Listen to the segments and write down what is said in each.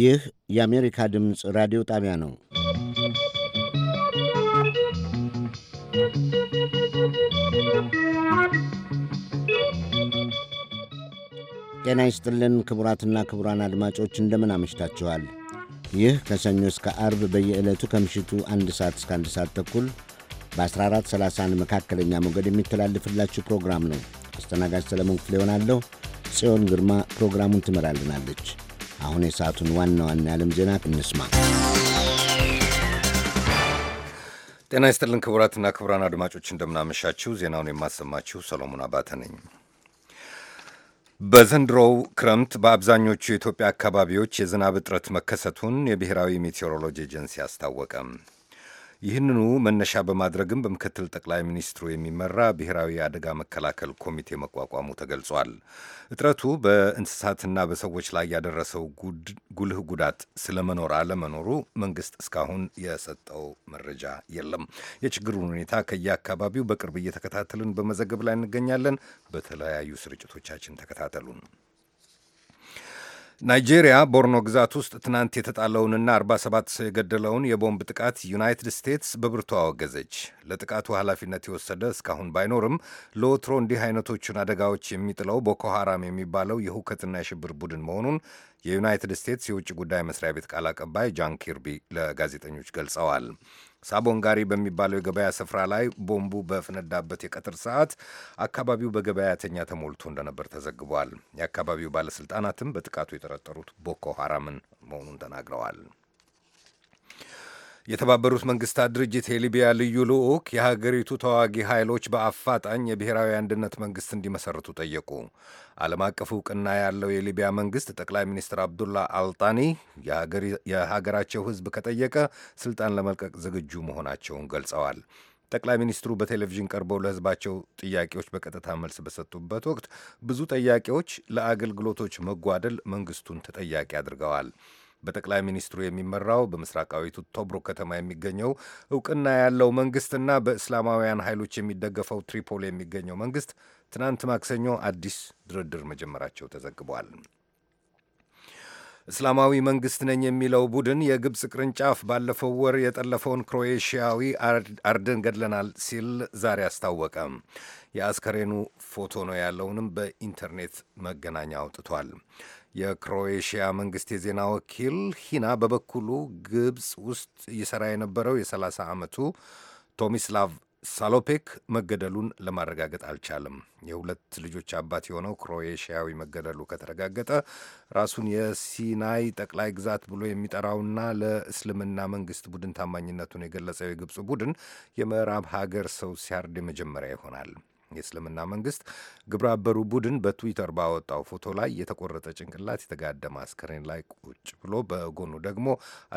ይህ የአሜሪካ ድምፅ ራዲዮ ጣቢያ ነው። ጤና ይስጥልን ክቡራትና ክቡራን አድማጮች እንደምን አመሽታችኋል። ይህ ከሰኞ እስከ አርብ በየዕለቱ ከምሽቱ አንድ ሰዓት እስከ አንድ ሰዓት ተኩል በ1430 መካከለኛ ሞገድ የሚተላልፍላችሁ ፕሮግራም ነው። አስተናጋጅ ሰለሞን ክፍሌ ይሆናለሁ። ጽዮን ግርማ ፕሮግራሙን ትመራልናለች። አሁን የሰዓቱን ዋና ዋና የዓለም ዜና እንስማ። ጤና ይስጥልን ክቡራትና ክቡራን አድማጮች እንደምናመሻችሁ። ዜናውን የማሰማችሁ ሰሎሞን አባተ ነኝ። በዘንድሮው ክረምት በአብዛኞቹ የኢትዮጵያ አካባቢዎች የዝናብ እጥረት መከሰቱን የብሔራዊ ሜቴዎሮሎጂ ኤጀንሲ አስታወቀም። ይህንኑ መነሻ በማድረግም በምክትል ጠቅላይ ሚኒስትሩ የሚመራ ብሔራዊ አደጋ መከላከል ኮሚቴ መቋቋሙ ተገልጿል። እጥረቱ በእንስሳትና በሰዎች ላይ ያደረሰው ጉልህ ጉዳት ስለመኖር አለመኖሩ መንግስት እስካሁን የሰጠው መረጃ የለም። የችግሩን ሁኔታ ከየአካባቢው በቅርብ እየተከታተልን በመዘገብ ላይ እንገኛለን። በተለያዩ ስርጭቶቻችን ተከታተሉን። ናይጄሪያ ቦርኖ ግዛት ውስጥ ትናንት የተጣለውንና 47 ሰው የገደለውን የቦምብ ጥቃት ዩናይትድ ስቴትስ በብርቱ አወገዘች። ለጥቃቱ ኃላፊነት የወሰደ እስካሁን ባይኖርም ለወትሮ እንዲህ አይነቶቹን አደጋዎች የሚጥለው ቦኮ ሐራም የሚባለው የሁከትና የሽብር ቡድን መሆኑን የዩናይትድ ስቴትስ የውጭ ጉዳይ መስሪያ ቤት ቃል አቀባይ ጃን ኪርቢ ለጋዜጠኞች ገልጸዋል። ሳቦንጋሪ በሚባለው የገበያ ስፍራ ላይ ቦምቡ በፈነዳበት የቀትር ሰዓት አካባቢው በገበያተኛ ተሞልቶ እንደነበር ተዘግቧል። የአካባቢው ባለስልጣናትም በጥቃቱ የጠረጠሩት ቦኮ ሐራምን መሆኑን ተናግረዋል። የተባበሩት መንግስታት ድርጅት የሊቢያ ልዩ ልዑክ የሀገሪቱ ተዋጊ ኃይሎች በአፋጣኝ የብሔራዊ አንድነት መንግስት እንዲመሰርቱ ጠየቁ። ዓለም አቀፍ እውቅና ያለው የሊቢያ መንግስት ጠቅላይ ሚኒስትር አብዱላ አልጣኒ የሀገራቸው ሕዝብ ከጠየቀ ስልጣን ለመልቀቅ ዝግጁ መሆናቸውን ገልጸዋል። ጠቅላይ ሚኒስትሩ በቴሌቪዥን ቀርበው ለህዝባቸው ጥያቄዎች በቀጥታ መልስ በሰጡበት ወቅት ብዙ ጥያቄዎች ለአገልግሎቶች መጓደል መንግስቱን ተጠያቂ አድርገዋል። በጠቅላይ ሚኒስትሩ የሚመራው በምስራቃዊቱ ቶብሩክ ከተማ የሚገኘው እውቅና ያለው መንግስትና በእስላማውያን ኃይሎች የሚደገፈው ትሪፖሊ የሚገኘው መንግስት ትናንት ማክሰኞ አዲስ ድርድር መጀመራቸው ተዘግቧል። እስላማዊ መንግስት ነኝ የሚለው ቡድን የግብፅ ቅርንጫፍ ባለፈው ወር የጠለፈውን ክሮኤሽያዊ አርድን ገድለናል ሲል ዛሬ አስታወቀ። የአስከሬኑ ፎቶ ነው ያለውንም በኢንተርኔት መገናኛ አውጥቷል። የክሮኤሽያ መንግስት የዜና ወኪል ሂና በበኩሉ ግብፅ ውስጥ ይሠራ የነበረው የ30 ዓመቱ ቶሚስላቭ ሳሎፔክ መገደሉን ለማረጋገጥ አልቻለም። የሁለት ልጆች አባት የሆነው ክሮኤሽያዊ መገደሉ ከተረጋገጠ ራሱን የሲናይ ጠቅላይ ግዛት ብሎ የሚጠራውና ለእስልምና መንግስት ቡድን ታማኝነቱን የገለጸው የግብፅ ቡድን የምዕራብ ሀገር ሰው ሲያርድ የመጀመሪያ ይሆናል። የእስልምና መንግስት ግብረ አበሩ ቡድን በትዊተር ባወጣው ፎቶ ላይ የተቆረጠ ጭንቅላት የተጋደመ አስከሬን ላይ ቁጭ ብሎ በጎኑ ደግሞ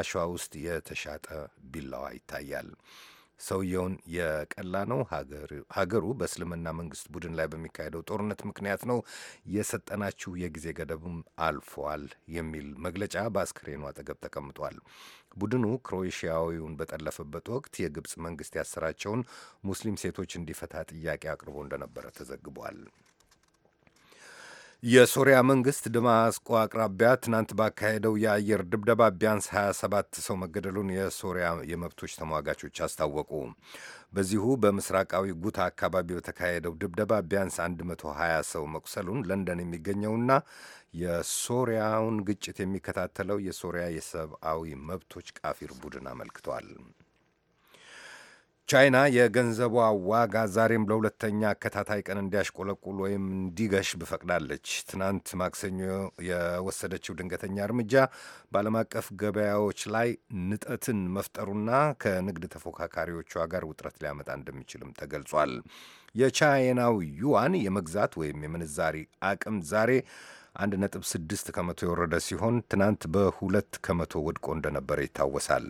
አሸዋ ውስጥ የተሻጠ ቢላዋ ይታያል። ሰውየውን የቀላ ነው ሀገሩ በእስልምና መንግስት ቡድን ላይ በሚካሄደው ጦርነት ምክንያት ነው፣ የሰጠናችሁ የጊዜ ገደብም አልፏል የሚል መግለጫ በአስክሬኑ አጠገብ ተቀምጧል። ቡድኑ ክሮኤሽያዊውን በጠለፈበት ወቅት የግብፅ መንግስት ያሰራቸውን ሙስሊም ሴቶች እንዲፈታ ጥያቄ አቅርቦ እንደነበረ ተዘግቧል። የሶሪያ መንግስት ደማስቆ አቅራቢያ ትናንት ባካሄደው የአየር ድብደባ ቢያንስ 27 ሰው መገደሉን የሶሪያ የመብቶች ተሟጋቾች አስታወቁ። በዚሁ በምስራቃዊ ጉታ አካባቢ በተካሄደው ድብደባ ቢያንስ 120 ሰው መቁሰሉን ለንደን የሚገኘውና የሶሪያውን ግጭት የሚከታተለው የሶሪያ የሰብአዊ መብቶች ቃፊር ቡድን አመልክቷል። ቻይና የገንዘቧ ዋጋ ዛሬም ለሁለተኛ አከታታይ ቀን እንዲያሽቆለቁል ወይም እንዲገሽ ብፈቅዳለች። ትናንት ማክሰኞ የወሰደችው ድንገተኛ እርምጃ በዓለም አቀፍ ገበያዎች ላይ ንጠትን መፍጠሩና ከንግድ ተፎካካሪዎቿ ጋር ውጥረት ሊያመጣ እንደሚችልም ተገልጿል። የቻይናው ዩዋን የመግዛት ወይም የምንዛሪ አቅም ዛሬ 1.6 ከመቶ የወረደ ሲሆን ትናንት በሁለት ከመቶ ወድቆ እንደነበረ ይታወሳል።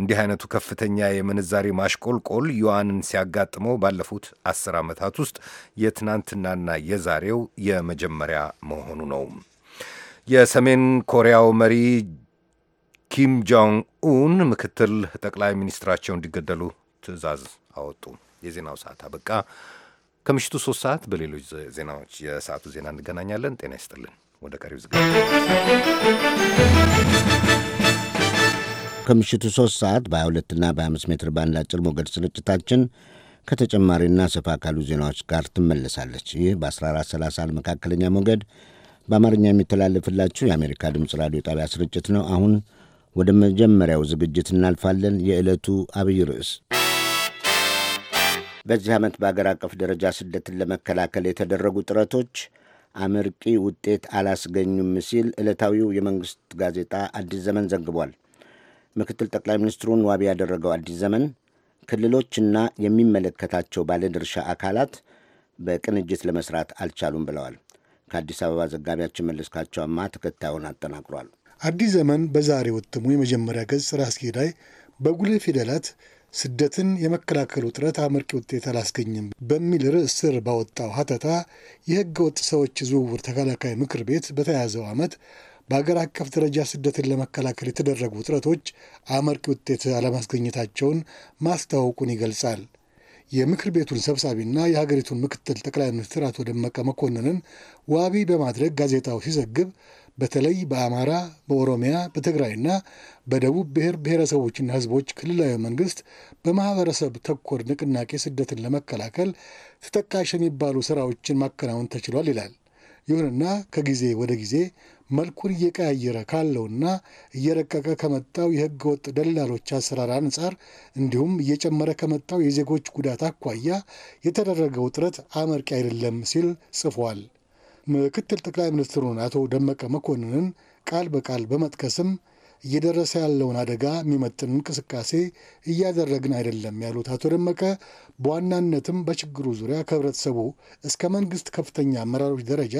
እንዲህ አይነቱ ከፍተኛ የምንዛሬ ማሽቆልቆል ዩዋንን ሲያጋጥመው ባለፉት አስር ዓመታት ውስጥ የትናንትናና የዛሬው የመጀመሪያ መሆኑ ነው። የሰሜን ኮሪያው መሪ ኪም ጆንግ ኡን ምክትል ጠቅላይ ሚኒስትራቸው እንዲገደሉ ትዕዛዝ አወጡ። የዜናው ሰዓት አበቃ። ከምሽቱ ሶስት ሰዓት በሌሎች ዜናዎች የሰዓቱ ዜና እንገናኛለን። ጤና ይስጥልን። ወደ ቀሪው ዝግጅት ከምሽቱ 3 ሰዓት በ22 ና በ25 ሜትር ባንድ አጭር ሞገድ ስርጭታችን ከተጨማሪና ሰፋ ካሉ ዜናዎች ጋር ትመለሳለች። ይህ በ1430 መካከለኛ ሞገድ በአማርኛ የሚተላለፍላችሁ የአሜሪካ ድምፅ ራዲዮ ጣቢያ ስርጭት ነው። አሁን ወደ መጀመሪያው ዝግጅት እናልፋለን። የዕለቱ አብይ ርዕስ በዚህ ዓመት በአገር አቀፍ ደረጃ ስደትን ለመከላከል የተደረጉ ጥረቶች አመርቂ ውጤት አላስገኙም ሲል ዕለታዊው የመንግሥት ጋዜጣ አዲስ ዘመን ዘግቧል። ምክትል ጠቅላይ ሚኒስትሩን ዋቢ ያደረገው አዲስ ዘመን ክልሎችና የሚመለከታቸው ባለድርሻ አካላት በቅንጅት ለመስራት አልቻሉም ብለዋል። ከአዲስ አበባ ዘጋቢያችን መለስካቸውማ ተከታዩን አጠናቅሯል። አዲስ ዘመን በዛሬው እትሙ የመጀመሪያ ገጽ ራስጌ ላይ በጉልህ ፊደላት ስደትን የመከላከሉ ጥረት አመርቂ ውጤት አላስገኝም በሚል ርዕስ ስር ባወጣው ሀተታ የህገወጥ ወጥ ሰዎች ዝውውር ተከላካይ ምክር ቤት በተያያዘው ዓመት በአገር አቀፍ ደረጃ ስደትን ለመከላከል የተደረጉ ጥረቶች አመርቂ ውጤት አለማስገኘታቸውን ማስታወቁን ይገልጻል። የምክር ቤቱን ሰብሳቢና የሀገሪቱን ምክትል ጠቅላይ ሚኒስትር አቶ ደመቀ መኮንንን ዋቢ በማድረግ ጋዜጣው ሲዘግብ በተለይ በአማራ፣ በኦሮሚያ፣ በትግራይና በደቡብ ብሔር ብሔረሰቦችና ሕዝቦች ክልላዊ መንግስት በማህበረሰብ ተኮር ንቅናቄ ስደትን ለመከላከል ተጠቃሽ የሚባሉ ስራዎችን ማከናወን ተችሏል ይላል። ይሁንና ከጊዜ ወደ ጊዜ መልኩን እየቀያየረ ካለውና እየረቀቀ ከመጣው የህገ ወጥ ደላሎች አሰራር አንጻር እንዲሁም እየጨመረ ከመጣው የዜጎች ጉዳት አኳያ የተደረገው ጥረት አመርቂ አይደለም ሲል ጽፏል። ምክትል ጠቅላይ ሚኒስትሩን አቶ ደመቀ መኮንንን ቃል በቃል በመጥቀስም እየደረሰ ያለውን አደጋ የሚመጥን እንቅስቃሴ እያደረግን አይደለም ያሉት አቶ ደመቀ በዋናነትም በችግሩ ዙሪያ ከህብረተሰቡ እስከ መንግስት ከፍተኛ አመራሮች ደረጃ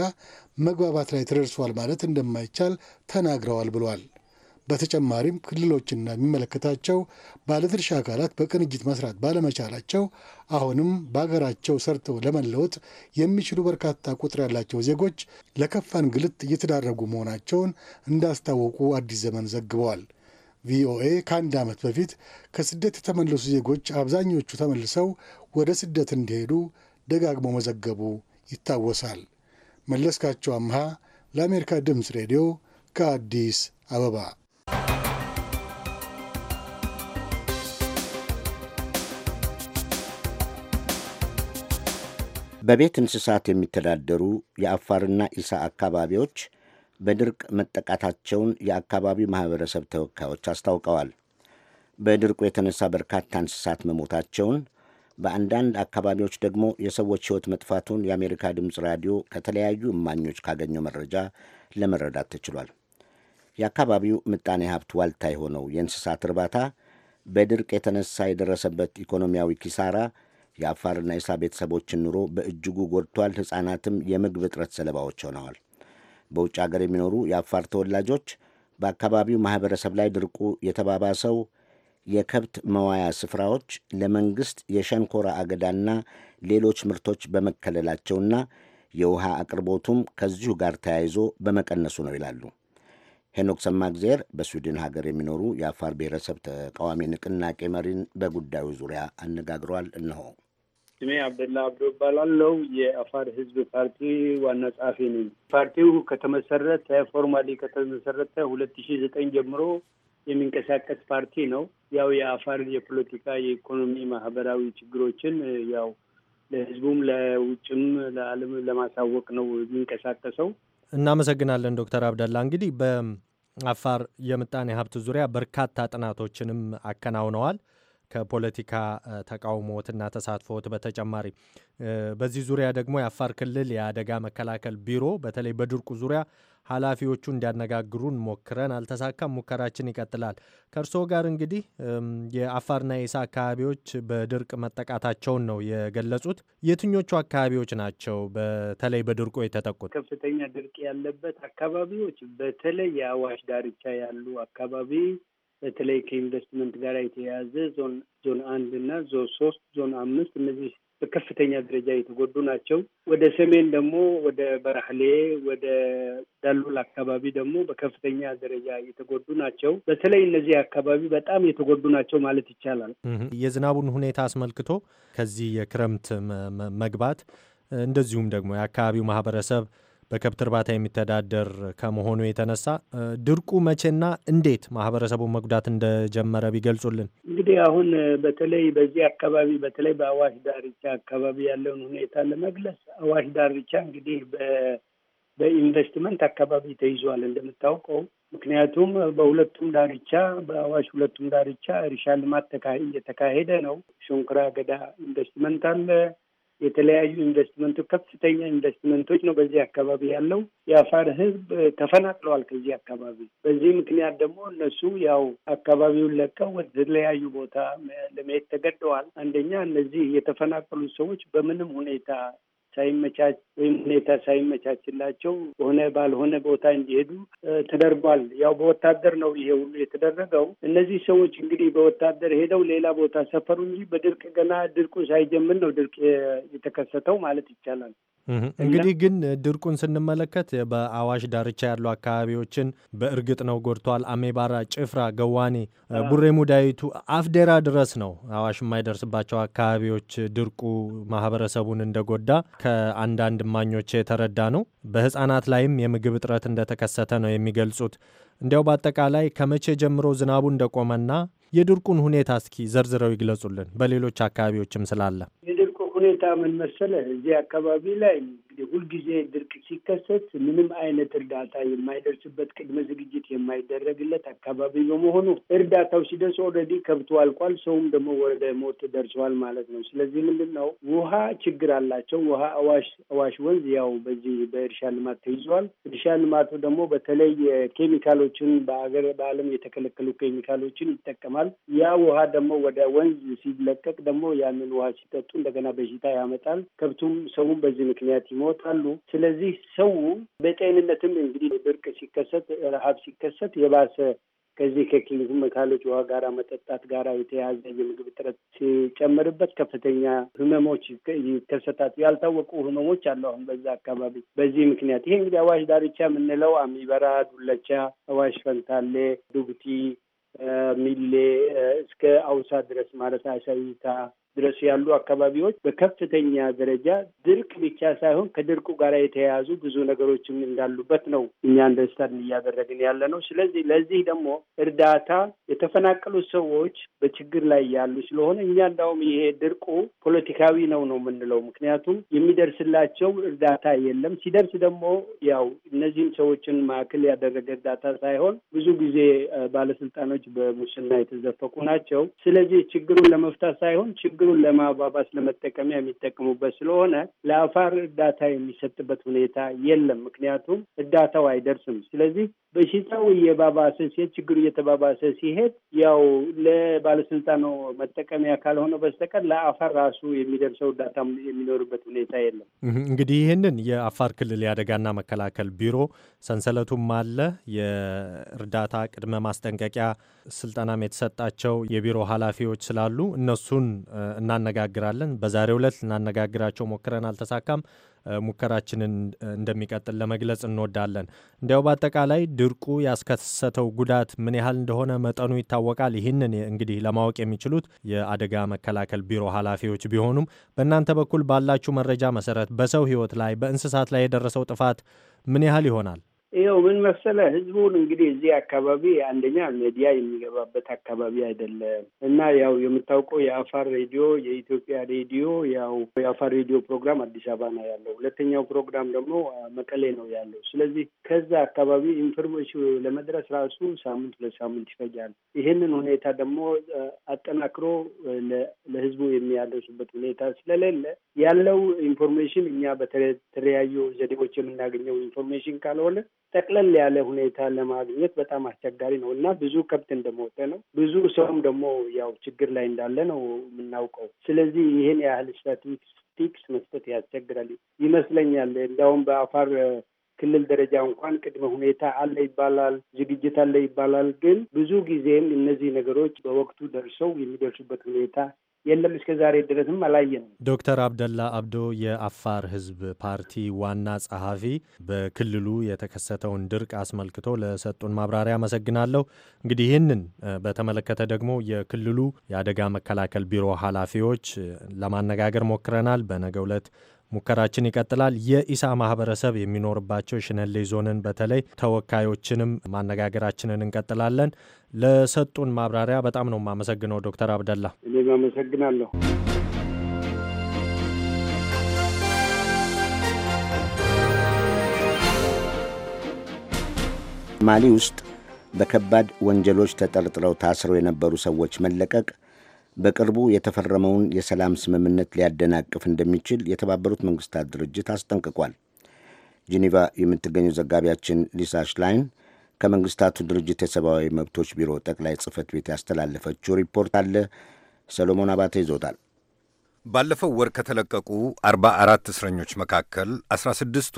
መግባባት ላይ ተደርሷል ማለት እንደማይቻል ተናግረዋል ብሏል። በተጨማሪም ክልሎችና የሚመለከታቸው ባለድርሻ አካላት በቅንጅት መስራት ባለመቻላቸው አሁንም በሀገራቸው ሰርተው ለመለወጥ የሚችሉ በርካታ ቁጥር ያላቸው ዜጎች ለከፋ እንግልት እየተዳረጉ መሆናቸውን እንዳስታወቁ አዲስ ዘመን ዘግበዋል። ቪኦኤ ከአንድ ዓመት በፊት ከስደት የተመለሱ ዜጎች አብዛኞቹ ተመልሰው ወደ ስደት እንዲሄዱ ደጋግሞ መዘገቡ ይታወሳል። መለስካቸው አምሃ ለአሜሪካ ድምፅ ሬዲዮ ከአዲስ አበባ በቤት እንስሳት የሚተዳደሩ የአፋርና ኢሳ አካባቢዎች በድርቅ መጠቃታቸውን የአካባቢው ማኅበረሰብ ተወካዮች አስታውቀዋል። በድርቁ የተነሳ በርካታ እንስሳት መሞታቸውን በአንዳንድ አካባቢዎች ደግሞ የሰዎች ሕይወት መጥፋቱን የአሜሪካ ድምፅ ራዲዮ ከተለያዩ እማኞች ካገኘው መረጃ ለመረዳት ተችሏል። የአካባቢው ምጣኔ ሀብት ዋልታ የሆነው የእንስሳት እርባታ በድርቅ የተነሳ የደረሰበት ኢኮኖሚያዊ ኪሳራ የአፋርና የሳ ቤተሰቦችን ኑሮ በእጅጉ ጎድቷል። ሕፃናትም የምግብ እጥረት ሰለባዎች ሆነዋል። በውጭ አገር የሚኖሩ የአፋር ተወላጆች በአካባቢው ማኅበረሰብ ላይ ድርቁ የተባባሰው የከብት መዋያ ስፍራዎች ለመንግሥት የሸንኮራ አገዳና ሌሎች ምርቶች በመከለላቸውና የውሃ አቅርቦቱም ከዚሁ ጋር ተያይዞ በመቀነሱ ነው ይላሉ። ሄኖክ ሰማግዜር በስዊድን ሀገር የሚኖሩ የአፋር ብሔረሰብ ተቃዋሚ ንቅናቄ መሪን በጉዳዩ ዙሪያ አነጋግሯል። እነሆ ስሜ አብደላ አብዶ ይባላለው። የአፋር ህዝብ ፓርቲ ዋና ጸሐፊ ነኝ። ፓርቲው ከተመሰረተ ፎርማሊ ከተመሰረተ ሁለት ሺ ዘጠኝ ጀምሮ የሚንቀሳቀስ ፓርቲ ነው። ያው የአፋር የፖለቲካ፣ የኢኮኖሚ፣ ማህበራዊ ችግሮችን ያው ለህዝቡም ለውጭም ለዓለም ለማሳወቅ ነው የሚንቀሳቀሰው። እናመሰግናለን ዶክተር አብደላ። እንግዲህ በአፋር የምጣኔ ሀብት ዙሪያ በርካታ ጥናቶችንም አከናውነዋል። ከፖለቲካ ተቃውሞትና ተሳትፎት በተጨማሪ በዚህ ዙሪያ ደግሞ የአፋር ክልል የአደጋ መከላከል ቢሮ በተለይ በድርቁ ዙሪያ ኃላፊዎቹ እንዲያነጋግሩን ሞክረን አልተሳካም። ሙከራችን ይቀጥላል። ከእርስዎ ጋር እንግዲህ የአፋርና የኢሳ አካባቢዎች በድርቅ መጠቃታቸውን ነው የገለጹት። የትኞቹ አካባቢዎች ናቸው በተለይ በድርቁ የተጠቁት? ከፍተኛ ድርቅ ያለበት አካባቢዎች በተለይ የአዋሽ ዳርቻ ያሉ አካባቢ በተለይ ከኢንቨስትመንት ጋር የተያያዘ ዞን ዞን አንድ እና ዞን ሶስት ዞን አምስት እነዚህ በከፍተኛ ደረጃ የተጎዱ ናቸው። ወደ ሰሜን ደግሞ ወደ በራህሌ ወደ ዳሉል አካባቢ ደግሞ በከፍተኛ ደረጃ የተጎዱ ናቸው። በተለይ እነዚህ አካባቢ በጣም የተጎዱ ናቸው ማለት ይቻላል። የዝናቡን ሁኔታ አስመልክቶ ከዚህ የክረምት መግባት እንደዚሁም ደግሞ የአካባቢው ማህበረሰብ በከብት እርባታ የሚተዳደር ከመሆኑ የተነሳ ድርቁ መቼና እንዴት ማህበረሰቡን መጉዳት እንደጀመረ ቢገልጹልን። እንግዲህ አሁን በተለይ በዚህ አካባቢ በተለይ በአዋሽ ዳርቻ አካባቢ ያለውን ሁኔታ ለመግለጽ አዋሽ ዳርቻ እንግዲህ በኢንቨስትመንት አካባቢ ተይዟል እንደምታውቀው። ምክንያቱም በሁለቱም ዳርቻ በአዋሽ ሁለቱም ዳርቻ እርሻ ልማት እየተካሄደ ነው። ሽንኩራ ገዳ ኢንቨስትመንት አለ። የተለያዩ ኢንቨስትመንቶች ከፍተኛ ኢንቨስትመንቶች ነው በዚህ አካባቢ ያለው። የአፋር ህዝብ ተፈናቅለዋል ከዚህ አካባቢ። በዚህ ምክንያት ደግሞ እነሱ ያው አካባቢውን ለቀው ወደተለያዩ ቦታ ለመሄድ ተገደዋል። አንደኛ እነዚህ የተፈናቀሉ ሰዎች በምንም ሁኔታ ሳይመቻች ወይም ሁኔታ ሳይመቻችላቸው ሆነ ባልሆነ ቦታ እንዲሄዱ ተደርጓል። ያው በወታደር ነው ይሄ ሁሉ የተደረገው። እነዚህ ሰዎች እንግዲህ በወታደር ሄደው ሌላ ቦታ ሰፈሩ እንጂ በድርቅ ገና ድርቁ ሳይጀምር ነው ድርቅ የተከሰተው ማለት ይቻላል። እንግዲህ ግን ድርቁን ስንመለከት በአዋሽ ዳርቻ ያሉ አካባቢዎችን በእርግጥ ነው ጎድቷል። አሜባራ፣ ጭፍራ፣ ገዋኔ፣ ቡሬ ሙዳይቱ፣ አፍዴራ ድረስ ነው አዋሽ የማይደርስባቸው አካባቢዎች ድርቁ ማህበረሰቡን እንደጎዳ ከአንዳንድ እማኞች የተረዳ ነው። በህፃናት ላይም የምግብ እጥረት እንደተከሰተ ነው የሚገልጹት። እንዲያው በአጠቃላይ ከመቼ ጀምሮ ዝናቡ እንደቆመና የድርቁን ሁኔታ እስኪ ዘርዝረው ይግለጹልን። በሌሎች አካባቢዎችም ስላለ ሁኔታ ምን መሰለህ፣ እዚህ አካባቢ ላይ ሁልጊዜ ድርቅ ሲከሰት ምንም አይነት እርዳታ የማይደርስበት ቅድመ ዝግጅት የማይደረግለት አካባቢ በመሆኑ እርዳታው ሲደርስ ኦልሬዲ ከብቱ አልቋል፣ ሰውም ደግሞ ወደ ሞት ደርሰዋል ማለት ነው። ስለዚህ ምንድን ነው ውሃ ችግር አላቸው። ውሃ አዋሽ አዋሽ ወንዝ ያው በዚህ በእርሻ ልማት ተይዟል። እርሻ ልማቱ ደግሞ በተለይ ኬሚካሎችን በአገር በዓለም የተከለከሉ ኬሚካሎችን ይጠቀማል። ያ ውሃ ደግሞ ወደ ወንዝ ሲለቀቅ ደግሞ ያንን ውሃ ሲጠጡ እንደገና በሽታ ያመጣል። ከብቱም ሰውም በዚህ ምክንያት ይሞ ይወጣሉ። ስለዚህ ሰው በጤንነትም እንግዲህ ድርቅ ሲከሰት፣ ረሀብ ሲከሰት የባሰ ከዚህ ውሃ ጋራ መጠጣት ጋራ የተያያዘ የምግብ እጥረት ሲጨምርበት ከፍተኛ ህመሞች ይከሰታሉ። ያልታወቁ ህመሞች አሉ አሁን በዛ አካባቢ። በዚህ ምክንያት ይሄ እንግዲህ አዋሽ ዳርቻ የምንለው አሚበራ፣ ዱለቻ፣ አዋሽ ፈንታሌ፣ ዱብቲ፣ ሚሌ እስከ አውሳ ድረስ ማለት አሻይታ ድረስ ያሉ አካባቢዎች በከፍተኛ ደረጃ ድርቅ ብቻ ሳይሆን ከድርቁ ጋር የተያያዙ ብዙ ነገሮችም እንዳሉበት ነው እኛ አንደርስታንድ እያደረግን ያለ ነው። ስለዚህ ለዚህ ደግሞ እርዳታ የተፈናቀሉ ሰዎች በችግር ላይ ያሉ ስለሆነ እኛ እንዳውም ይሄ ድርቁ ፖለቲካዊ ነው ነው የምንለው። ምክንያቱም የሚደርስላቸው እርዳታ የለም። ሲደርስ ደግሞ ያው እነዚህም ሰዎችን ማዕከል ያደረገ እርዳታ ሳይሆን ብዙ ጊዜ ባለስልጣኖች በሙስና የተዘፈቁ ናቸው። ስለዚህ ችግሩን ለመፍታት ሳይሆን ችግሩ ችግሩን ለማባባስ ለመጠቀሚያ የሚጠቀሙበት ስለሆነ ለአፋር እርዳታ የሚሰጥበት ሁኔታ የለም። ምክንያቱም እርዳታው አይደርስም። ስለዚህ በሽታው እየባባሰ ሲሄድ፣ ችግሩ እየተባባሰ ሲሄድ ያው ለባለስልጣኑ መጠቀሚያ ካልሆነ በስተቀር ለአፋር ራሱ የሚደርሰው እርዳታ የሚኖርበት ሁኔታ የለም። እንግዲህ ይህንን የአፋር ክልል የአደጋና መከላከል ቢሮ ሰንሰለቱም አለ የእርዳታ ቅድመ ማስጠንቀቂያ ስልጠናም የተሰጣቸው የቢሮ ኃላፊዎች ስላሉ እነሱን እናነጋግራለን። በዛሬው ዕለት ልናነጋግራቸው ሞክረን አልተሳካም። ሙከራችንን እንደሚቀጥል ለመግለጽ እንወዳለን። እንዲያው በአጠቃላይ ድርቁ ያስከሰተው ጉዳት ምን ያህል እንደሆነ መጠኑ ይታወቃል። ይህንን እንግዲህ ለማወቅ የሚችሉት የአደጋ መከላከል ቢሮ ኃላፊዎች ቢሆኑም በእናንተ በኩል ባላችሁ መረጃ መሰረት በሰው ሕይወት ላይ በእንስሳት ላይ የደረሰው ጥፋት ምን ያህል ይሆናል? ይኸው ምን መሰለ ህዝቡን እንግዲህ እዚህ አካባቢ አንደኛ ሚዲያ የሚገባበት አካባቢ አይደለም እና ያው የምታውቀው የአፋር ሬዲዮ የኢትዮጵያ ሬዲዮ ያው የአፋር ሬዲዮ ፕሮግራም አዲስ አበባ ነው ያለው። ሁለተኛው ፕሮግራም ደግሞ መቀሌ ነው ያለው። ስለዚህ ከዛ አካባቢ ኢንፎርሜሽን ለመድረስ ራሱ ሳምንት ለሳምንት ይፈጃል። ይህንን ሁኔታ ደግሞ አጠናክሮ ለህዝቡ የሚያደርሱበት ሁኔታ ስለሌለ ያለው ኢንፎርሜሽን እኛ በተለያዩ ዘዴዎች የምናገኘው ኢንፎርሜሽን ካልሆነ ጠቅለል ያለ ሁኔታ ለማግኘት በጣም አስቸጋሪ ነው እና ብዙ ከብት እንደሞተ ነው። ብዙ ሰውም ደግሞ ያው ችግር ላይ እንዳለ ነው የምናውቀው። ስለዚህ ይህን ያህል ስታቲስቲክስ መስጠት ያስቸግራል ይመስለኛል። እንዲያውም በአፋር ክልል ደረጃ እንኳን ቅድመ ሁኔታ አለ ይባላል፣ ዝግጅት አለ ይባላል። ግን ብዙ ጊዜም እነዚህ ነገሮች በወቅቱ ደርሰው የሚደርሱበት ሁኔታ የለም እስከ ዛሬ ድረስም አላየንም። ዶክተር አብደላ አብዶ የአፋር ህዝብ ፓርቲ ዋና ጸሐፊ፣ በክልሉ የተከሰተውን ድርቅ አስመልክቶ ለሰጡን ማብራሪያ አመሰግናለሁ። እንግዲህ ይህንን በተመለከተ ደግሞ የክልሉ የአደጋ መከላከል ቢሮ ኃላፊዎች ለማነጋገር ሞክረናል። በነገው ዕለት ሙከራችን ይቀጥላል። የኢሳ ማህበረሰብ የሚኖርባቸው ሽነሌ ዞንን በተለይ ተወካዮችንም ማነጋገራችንን እንቀጥላለን። ለሰጡን ማብራሪያ በጣም ነው የማመሰግነው ዶክተር አብደላ። እኔም አመሰግናለሁ። ማሊ ውስጥ በከባድ ወንጀሎች ተጠርጥረው ታስረው የነበሩ ሰዎች መለቀቅ በቅርቡ የተፈረመውን የሰላም ስምምነት ሊያደናቅፍ እንደሚችል የተባበሩት መንግስታት ድርጅት አስጠንቅቋል። ጄኔቫ የምትገኘው ዘጋቢያችን ሊሳ ሽላይን ከመንግስታቱ ድርጅት የሰብአዊ መብቶች ቢሮ ጠቅላይ ጽህፈት ቤት ያስተላለፈችው ሪፖርት አለ። ሰሎሞን አባተ ይዞታል። ባለፈው ወር ከተለቀቁ 44 እስረኞች መካከል 16ቱ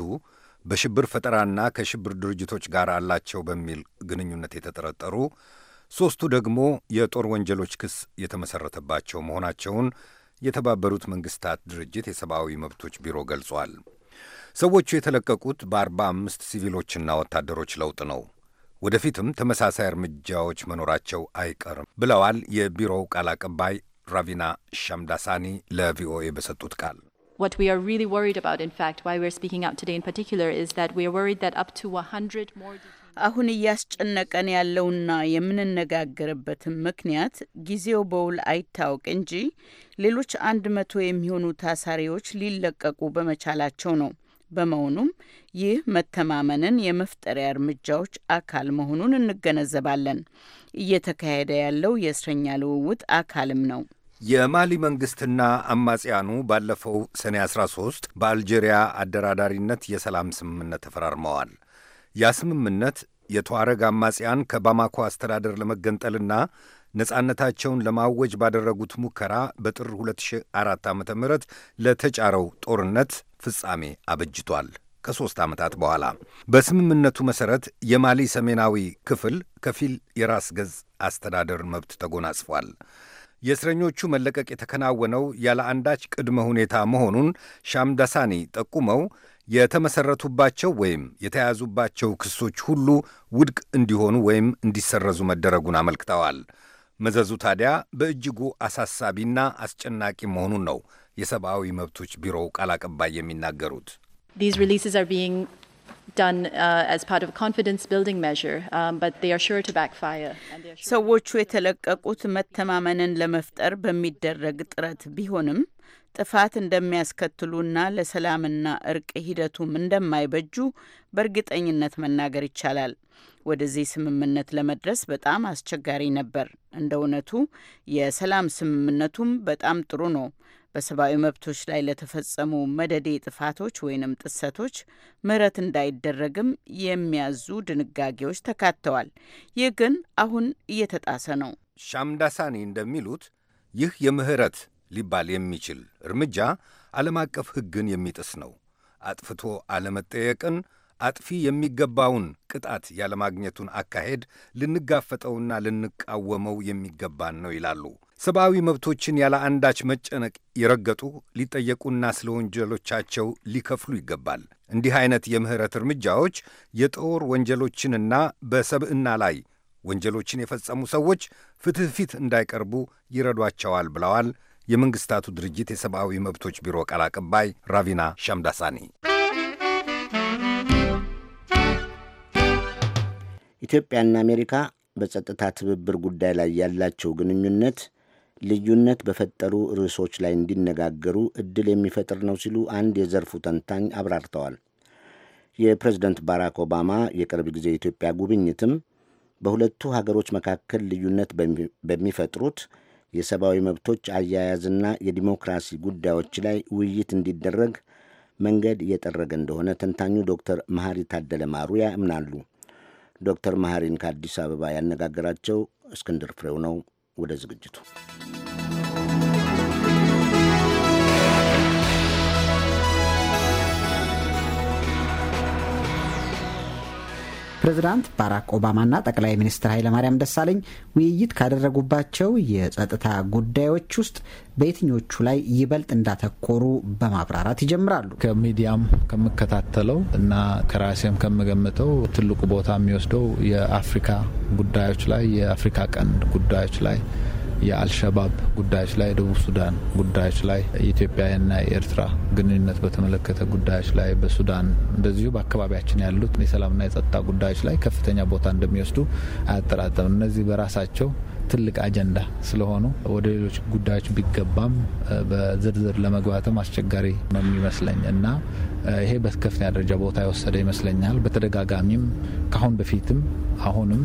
በሽብር ፈጠራና ከሽብር ድርጅቶች ጋር አላቸው በሚል ግንኙነት የተጠረጠሩ ሦስቱ ደግሞ የጦር ወንጀሎች ክስ የተመሠረተባቸው መሆናቸውን የተባበሩት መንግሥታት ድርጅት የሰብአዊ መብቶች ቢሮ ገልጿል። ሰዎቹ የተለቀቁት በአርባ አምስት ሲቪሎችና ወታደሮች ለውጥ ነው። ወደፊትም ተመሳሳይ እርምጃዎች መኖራቸው አይቀርም ብለዋል የቢሮው ቃል አቀባይ ራቪና ሻምዳሳኒ ለቪኦኤ በሰጡት ቃል አሁን እያስጨነቀን ያለውና የምንነጋገርበትም ምክንያት ጊዜው በውል አይታወቅ እንጂ ሌሎች አንድ መቶ የሚሆኑ ታሳሪዎች ሊለቀቁ በመቻላቸው ነው። በመሆኑም ይህ መተማመንን የመፍጠሪያ እርምጃዎች አካል መሆኑን እንገነዘባለን። እየተካሄደ ያለው የእስረኛ ልውውጥ አካልም ነው። የማሊ መንግስትና አማጽያኑ ባለፈው ሰኔ 13 በአልጄሪያ አደራዳሪነት የሰላም ስምምነት ተፈራርመዋል። ያ ስምምነት የተዋረግ አማጽያን ከባማኮ አስተዳደር ለመገንጠልና ነጻነታቸውን ለማወጅ ባደረጉት ሙከራ በጥር 2004 ዓ ም ለተጫረው ጦርነት ፍጻሜ አበጅቷል። ከሦስት ዓመታት በኋላ በስምምነቱ መሠረት የማሊ ሰሜናዊ ክፍል ከፊል የራስ ገዝ አስተዳደር መብት ተጎናጽፏል። የእስረኞቹ መለቀቅ የተከናወነው ያለ አንዳች ቅድመ ሁኔታ መሆኑን ሻምዳሳኒ ጠቁመው የተመሰረቱባቸው ወይም የተያዙባቸው ክሶች ሁሉ ውድቅ እንዲሆኑ ወይም እንዲሰረዙ መደረጉን አመልክተዋል። መዘዙ ታዲያ በእጅጉ አሳሳቢና አስጨናቂ መሆኑን ነው የሰብአዊ መብቶች ቢሮው ቃል አቀባይ የሚናገሩት። uh, um, ሰዎቹ የተለቀቁት መተማመንን ለመፍጠር በሚደረግ ጥረት ቢሆንም ጥፋት እንደሚያስከትሉና ለሰላምና እርቅ ሂደቱም እንደማይበጁ በእርግጠኝነት መናገር ይቻላል። ወደዚህ ስምምነት ለመድረስ በጣም አስቸጋሪ ነበር። እንደ እውነቱ የሰላም ስምምነቱም በጣም ጥሩ ነው። በሰብአዊ መብቶች ላይ ለተፈጸሙ መደዴ ጥፋቶች ወይንም ጥሰቶች ምህረት እንዳይደረግም የሚያዙ ድንጋጌዎች ተካተዋል። ይህ ግን አሁን እየተጣሰ ነው። ሻምዳሳኒ እንደሚሉት ይህ የምህረት ሊባል የሚችል እርምጃ ዓለም አቀፍ ሕግን የሚጥስ ነው። አጥፍቶ አለመጠየቅን፣ አጥፊ የሚገባውን ቅጣት ያለማግኘቱን አካሄድ ልንጋፈጠውና ልንቃወመው የሚገባን ነው ይላሉ። ሰብአዊ መብቶችን ያለ አንዳች መጨነቅ ይረገጡ ሊጠየቁና ስለ ወንጀሎቻቸው ሊከፍሉ ይገባል። እንዲህ አይነት የምህረት እርምጃዎች የጦር ወንጀሎችንና በሰብዕና ላይ ወንጀሎችን የፈጸሙ ሰዎች ፍትሕ ፊት እንዳይቀርቡ ይረዷቸዋል ብለዋል። የመንግስታቱ ድርጅት የሰብአዊ መብቶች ቢሮ ቃል አቀባይ ራቪና ሻምዳሳኒ ኢትዮጵያና አሜሪካ በጸጥታ ትብብር ጉዳይ ላይ ያላቸው ግንኙነት ልዩነት በፈጠሩ ርዕሶች ላይ እንዲነጋገሩ እድል የሚፈጥር ነው ሲሉ አንድ የዘርፉ ተንታኝ አብራርተዋል። የፕሬዝደንት ባራክ ኦባማ የቅርብ ጊዜ የኢትዮጵያ ጉብኝትም በሁለቱ ሀገሮች መካከል ልዩነት በሚፈጥሩት የሰብአዊ መብቶች አያያዝና የዲሞክራሲ ጉዳዮች ላይ ውይይት እንዲደረግ መንገድ እየጠረገ እንደሆነ ተንታኙ ዶክተር መሐሪ ታደለ ማሩ ያምናሉ። ዶክተር መሐሪን ከአዲስ አበባ ያነጋገራቸው እስክንድር ፍሬው ነው። ወደ ዝግጅቱ ፕሬዚዳንት ባራክ ኦባማና ጠቅላይ ሚኒስትር ኃይለማርያም ደሳለኝ ውይይት ካደረጉባቸው የጸጥታ ጉዳዮች ውስጥ በየትኞቹ ላይ ይበልጥ እንዳተኮሩ በማብራራት ይጀምራሉ። ከሚዲያም ከምከታተለው እና ከራሴም ከምገምተው ትልቁ ቦታ የሚወስደው የአፍሪካ ጉዳዮች ላይ የአፍሪካ ቀንድ ጉዳዮች ላይ የአልሸባብ ጉዳዮች ላይ፣ የደቡብ ሱዳን ጉዳዮች ላይ፣ የኢትዮጵያና የኤርትራ ግንኙነት በተመለከተ ጉዳዮች ላይ፣ በሱዳን እንደዚሁ በአካባቢያችን ያሉት የሰላምና የጸጥታ ጉዳዮች ላይ ከፍተኛ ቦታ እንደሚወስዱ አያጠራጥም። እነዚህ በራሳቸው ትልቅ አጀንዳ ስለሆኑ ወደ ሌሎች ጉዳዮች ቢገባም በዝርዝር ለመግባትም አስቸጋሪ ነው የሚመስለኝ እና ይሄ በከፍተኛ ደረጃ ቦታ የወሰደ ይመስለኛል። በተደጋጋሚም ከአሁን በፊትም አሁንም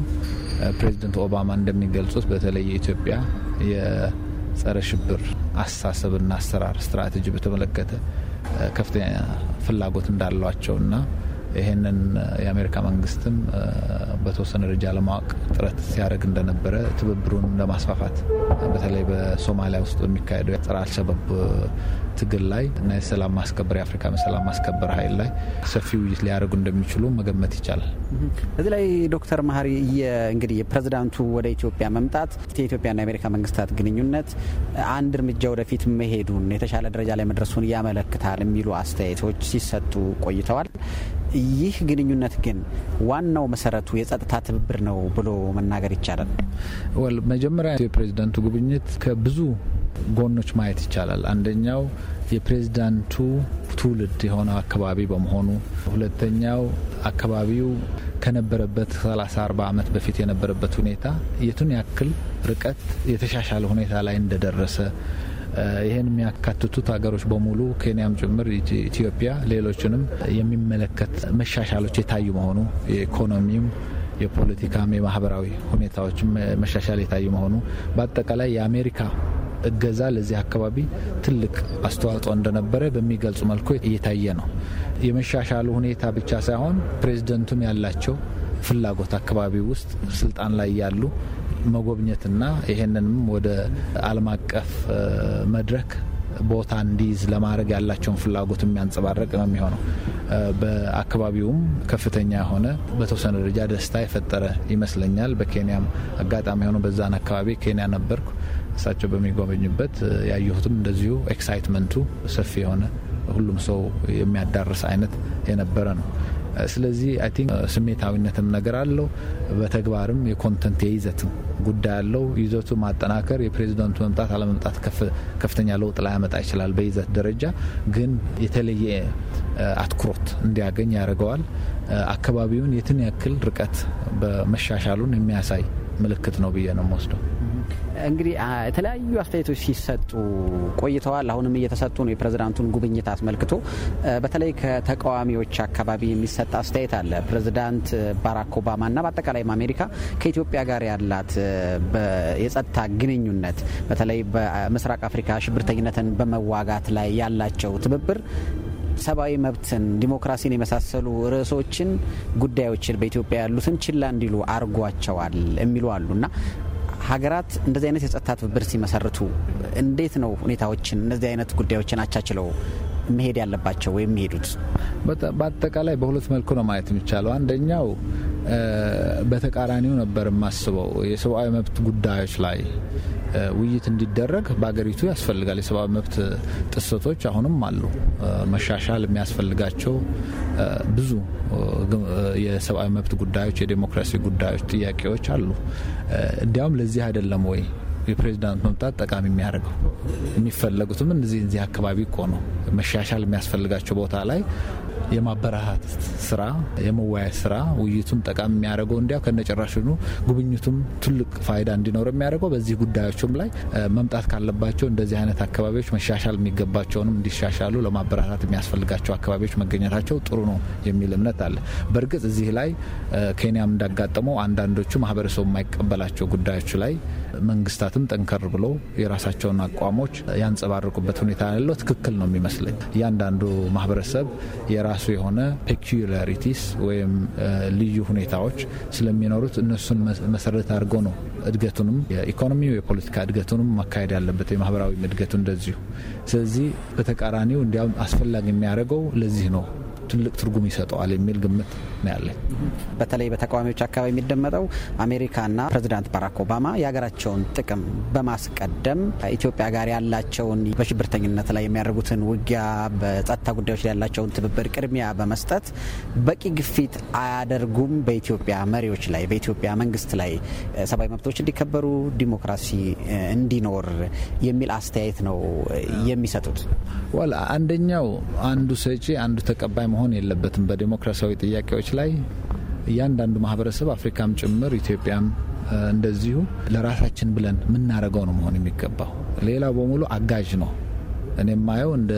ፕሬዚደንት ኦባማ እንደሚገልጹት በተለይ የኢትዮጵያ የጸረ ሽብር አስተሳሰብና አሰራር ስትራቴጂ በተመለከተ ከፍተኛ ፍላጎት እንዳሏቸውና ይህንን የአሜሪካ መንግስትም በተወሰነ ደረጃ ለማወቅ ጥረት ሲያደርግ እንደነበረ ትብብሩን ለማስፋፋት በተለይ በሶማሊያ ውስጥ የሚካሄደው ጸረ አልሸባብ ትግል ላይ እና የሰላም ማስከበር የአፍሪካ ሰላም ማስከበር ኃይል ላይ ሰፊ ውይይት ሊያደርጉ እንደሚችሉ መገመት ይቻላል። እዚህ ላይ ዶክተር መሀሪ እንግዲህ የፕሬዚዳንቱ ወደ ኢትዮጵያ መምጣት የኢትዮጵያና የአሜሪካ መንግስታት ግንኙነት አንድ እርምጃ ወደፊት መሄዱን የተሻለ ደረጃ ላይ መድረሱን ያመለክታል የሚሉ አስተያየቶች ሲሰጡ ቆይተዋል። ይህ ግንኙነት ግን ዋናው መሰረቱ የጸጥታ ትብብር ነው ብሎ መናገር ይቻላል። ወል መጀመሪያ የፕሬዚዳንቱ ጉብኝት ከብዙ ጎኖች ማየት ይቻላል። አንደኛው የፕሬዚዳንቱ ትውልድ የሆነው አካባቢ በመሆኑ፣ ሁለተኛው አካባቢው ከነበረበት 30 40 ዓመት በፊት የነበረበት ሁኔታ የቱን ያክል ርቀት የተሻሻለ ሁኔታ ላይ እንደደረሰ ይህን የሚያካትቱት ሀገሮች በሙሉ ኬንያም ጭምር ኢትዮጵያ፣ ሌሎችንም የሚመለከት መሻሻሎች የታዩ መሆኑ የኢኮኖሚም፣ የፖለቲካም፣ የማህበራዊ ሁኔታዎችም መሻሻል የታዩ መሆኑ በአጠቃላይ የአሜሪካ እገዛ ለዚህ አካባቢ ትልቅ አስተዋጽኦ እንደነበረ በሚገልጹ መልኩ እየታየ ነው። የመሻሻሉ ሁኔታ ብቻ ሳይሆን ፕሬዚደንቱም ያላቸው ፍላጎት አካባቢ ውስጥ ስልጣን ላይ ያሉ መጎብኘትና ይሄንንም ወደ ዓለም አቀፍ መድረክ ቦታ እንዲይዝ ለማድረግ ያላቸውን ፍላጎት የሚያንጸባረቅ ነው የሚሆነው። በአካባቢውም ከፍተኛ የሆነ በተወሰነ ደረጃ ደስታ የፈጠረ ይመስለኛል። በኬንያም አጋጣሚ የሆነ በዛን አካባቢ ኬንያ ነበርኩ። እሳቸው በሚጎበኙበት ያየሁትም እንደዚሁ ኤክሳይትመንቱ ሰፊ የሆነ ሁሉም ሰው የሚያዳርስ አይነት የነበረ ነው። ስለዚህ አይ ቲንክ ስሜታዊነትም ነገር አለው። በተግባርም የኮንተንት የይዘትም ጉዳይ አለው። ይዘቱ ማጠናከር የፕሬዚደንቱ መምጣት አለመምጣት ከፍተኛ ለውጥ ላያመጣ ይችላል። በይዘት ደረጃ ግን የተለየ አትኩሮት እንዲያገኝ ያደርገዋል። አካባቢውን የትን ያክል ርቀት በመሻሻሉን የሚያሳይ ምልክት ነው ብዬ ነው የምወስደው። እንግዲህ የተለያዩ አስተያየቶች ሲሰጡ ቆይተዋል። አሁንም እየተሰጡ ነው። የፕሬዝዳንቱን ጉብኝት አስመልክቶ በተለይ ከተቃዋሚዎች አካባቢ የሚሰጥ አስተያየት አለ። ፕሬዝዳንት ባራክ ኦባማና በአጠቃላይም አሜሪካ ከኢትዮጵያ ጋር ያላት የጸጥታ ግንኙነት በተለይ በምስራቅ አፍሪካ ሽብርተኝነትን በመዋጋት ላይ ያላቸው ትብብር ሰብአዊ መብትን፣ ዲሞክራሲን የመሳሰሉ ርዕሶችን ጉዳዮችን በኢትዮጵያ ያሉትን ችላ እንዲሉ አርጓቸዋል የሚሉ እና ሀገራት እንደዚህ አይነት የጸጥታ ትብብር ሲመሰርቱ እንዴት ነው ሁኔታዎችን እነዚህ አይነት ጉዳዮችን አቻችለው መሄድ ያለባቸው ወይም የሚሄዱት? በአጠቃላይ በሁለት መልኩ ነው ማየት የሚቻለው። አንደኛው በተቃራኒው ነበር የማስበው። የሰብአዊ መብት ጉዳዮች ላይ ውይይት እንዲደረግ በሀገሪቱ ያስፈልጋል። የሰብአዊ መብት ጥሰቶች አሁንም አሉ። መሻሻል የሚያስፈልጋቸው ብዙ የሰብአዊ መብት ጉዳዮች፣ የዴሞክራሲ ጉዳዮች፣ ጥያቄዎች አሉ። እንዲያውም ለዚህ አይደለም ወይ የፕሬዚዳንት መምጣት ጠቃሚ የሚያደርገው የሚፈለጉትም እነዚህ እዚህ አካባቢ እኮ ነው መሻሻል የሚያስፈልጋቸው ቦታ ላይ የማበረሃት ስራ፣ የመወያየት ስራ ውይይቱም ጠቃሚ የሚያደርገው እንዲያ ከነጭራሽኑ ጉብኝቱም ትልቅ ፋይዳ እንዲኖር የሚያደርገው በዚህ ጉዳዮችም ላይ መምጣት ካለባቸው እንደዚህ አይነት አካባቢዎች መሻሻል የሚገባቸውንም እንዲሻሻሉ ለማበረታት የሚያስፈልጋቸው አካባቢዎች መገኘታቸው ጥሩ ነው የሚል እምነት አለ። በእርግጥ እዚህ ላይ ኬንያም እንዳጋጠመው አንዳንዶቹ ማህበረሰቡ የማይቀበላቸው ጉዳዮች ላይ መንግስታትም ጠንከር ብሎ የራሳቸውን አቋሞች ያንጸባርቁበት ሁኔታ ያለው ትክክል ነው የሚመስለኝ። እያንዳንዱ ማህበረሰብ የራሱ የሆነ ፔኪላሪቲስ ወይም ልዩ ሁኔታዎች ስለሚኖሩት እነሱን መሰረት አድርጎ ነው እድገቱንም የኢኮኖሚ የፖለቲካ እድገቱንም ማካሄድ ያለበት የማህበራዊ እድገቱ እንደዚሁ። ስለዚህ በተቃራኒው እንዲያውም አስፈላጊ የሚያደርገው ለዚህ ነው። ትልቅ ትርጉም ይሰጠዋል የሚል ግምት ነው ያለኝ። በተለይ በተቃዋሚዎች አካባቢ የሚደመጠው አሜሪካና ፕሬዚዳንት ባራክ ኦባማ የሀገራቸውን ጥቅም በማስቀደም ኢትዮጵያ ጋር ያላቸውን በሽብርተኝነት ላይ የሚያደርጉትን ውጊያ፣ በጸጥታ ጉዳዮች ላይ ያላቸውን ትብብር ቅድሚያ በመስጠት በቂ ግፊት አያደርጉም በኢትዮጵያ መሪዎች ላይ በኢትዮጵያ መንግስት ላይ ሰብአዊ መብቶች እንዲከበሩ ዲሞክራሲ እንዲኖር የሚል አስተያየት ነው የሚሰጡት። አንደኛው አንዱ ሰጪ አንዱ ተቀባይ መሆን የለበትም። በዴሞክራሲያዊ ጥያቄዎች ላይ እያንዳንዱ ማህበረሰብ አፍሪካም ጭምር ኢትዮጵያም እንደዚሁ ለራሳችን ብለን የምናደርገው ነው መሆን የሚገባው። ሌላው በሙሉ አጋዥ ነው። እኔ የማየው እንደ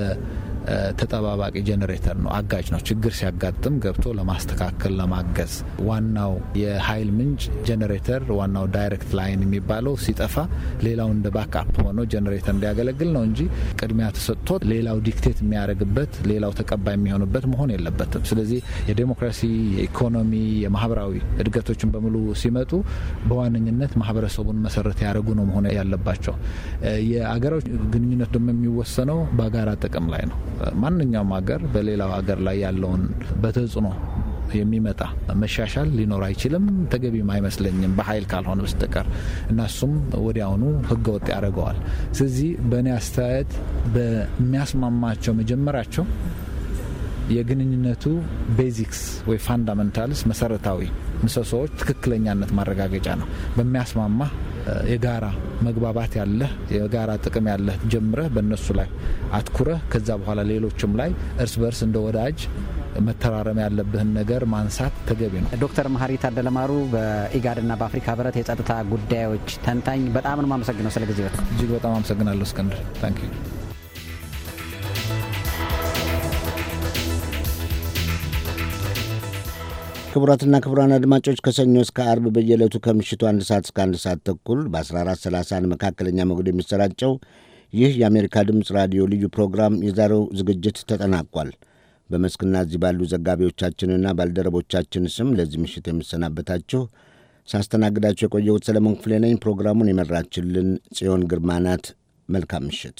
ተጠባባቂ ጀኔሬተር ነው፣ አጋጅ ነው። ችግር ሲያጋጥም ገብቶ ለማስተካከል ለማገዝ ዋናው የኃይል ምንጭ ጀኔሬተር ዋናው ዳይሬክት ላይን የሚባለው ሲጠፋ ሌላው እንደ ባክአፕ ሆኖ ጀኔሬተር እንዲያገለግል ነው እንጂ ቅድሚያ ተሰጥቶ ሌላው ዲክቴት የሚያደርግበት ሌላው ተቀባይ የሚሆንበት መሆን የለበትም። ስለዚህ የዴሞክራሲ የኢኮኖሚ፣ የማህበራዊ እድገቶችን በሙሉ ሲመጡ በዋነኝነት ማህበረሰቡን መሰረት ያደረጉ ነው መሆን ያለባቸው። የአገሮች ግንኙነት ደግሞ የሚወሰነው በጋራ ጥቅም ላይ ነው። ማንኛውም ሀገር በሌላው ሀገር ላይ ያለውን በተጽዕኖ የሚመጣ መሻሻል ሊኖር አይችልም፣ ተገቢም አይመስለኝም በኃይል ካልሆነ በስተቀር እና እሱም ወዲያውኑ ህገወጥ ያደርገዋል። ስለዚህ በእኔ አስተያየት በሚያስማማቸው መጀመራቸው የግንኙነቱ ቤዚክስ ወይ ፋንዳሜንታልስ መሰረታዊ ምሰሶዎች ትክክለኛነት ማረጋገጫ ነው በሚያስማማ የጋራ መግባባት ያለህ የጋራ ጥቅም ያለህ ጀምረህ በእነሱ ላይ አትኩረህ ከዛ በኋላ ሌሎችም ላይ እርስ በርስ እንደ ወዳጅ መተራረም ያለብህን ነገር ማንሳት ተገቢ ነው። ዶክተር መሀሪ ታደለማሩ በኢጋድና በአፍሪካ ህብረት የጸጥታ ጉዳዮች ተንታኝ፣ በጣም ነው የማመሰግነው ስለ ጊዜ። እጅግ በጣም አመሰግናለሁ እስክንድር ታንኪዩ። ክቡራትና ክቡራን አድማጮች ከሰኞ እስከ አርብ በየዕለቱ ከምሽቱ አንድ ሰዓት እስከ አንድ ሰዓት ተኩል በ1430 መካከለኛ ሞገድ የሚሰራጨው ይህ የአሜሪካ ድምፅ ራዲዮ ልዩ ፕሮግራም የዛሬው ዝግጅት ተጠናቋል። በመስክና እዚህ ባሉ ዘጋቢዎቻችንና ባልደረቦቻችን ስም ለዚህ ምሽት የምሰናበታችሁ ሳስተናግዳችሁ የቆየሁት ሰለሞን ክፍሌ ነኝ። ፕሮግራሙን የመራችልን ጽዮን ግርማ ናት። መልካም ምሽት።